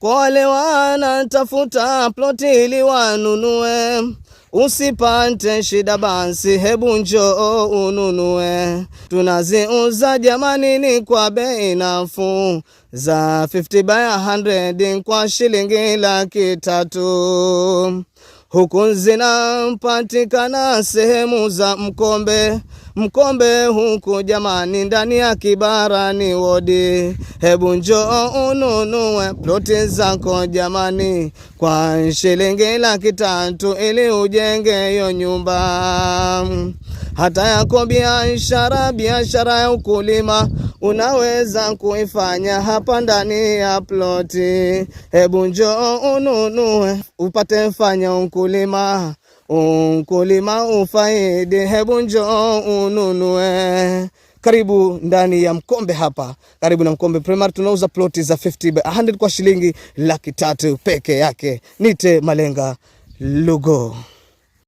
Kwa wale wanatafuta ploti ili wanunue, Usipante shida basi, hebu njoo ununue. Tunaziuza jamani, ni kwa bei nafuu za 50 by 100 kwa shilingi laki tatu huku zinampatikana sehemu za Mkombe, Mkombe huku jamani, ndani ya Kibara ni wodi. Hebu njoo ununue ploti zako jamani, kwa shilingi laki tatu ili ujenge hiyo nyumba, hata yako biashara, biashara ya ukulima unaweza kuifanya hapa ndani ya ploti. Hebu njoo ununue upate mfanya ukulima unkulima ufaidi, hebu njoo ununue. Karibu ndani ya Mkombe hapa, karibu na Mkombe Primary, tunauza ploti za 50 by 100 kwa shilingi laki tatu peke yake. Nite Malenga Lugo.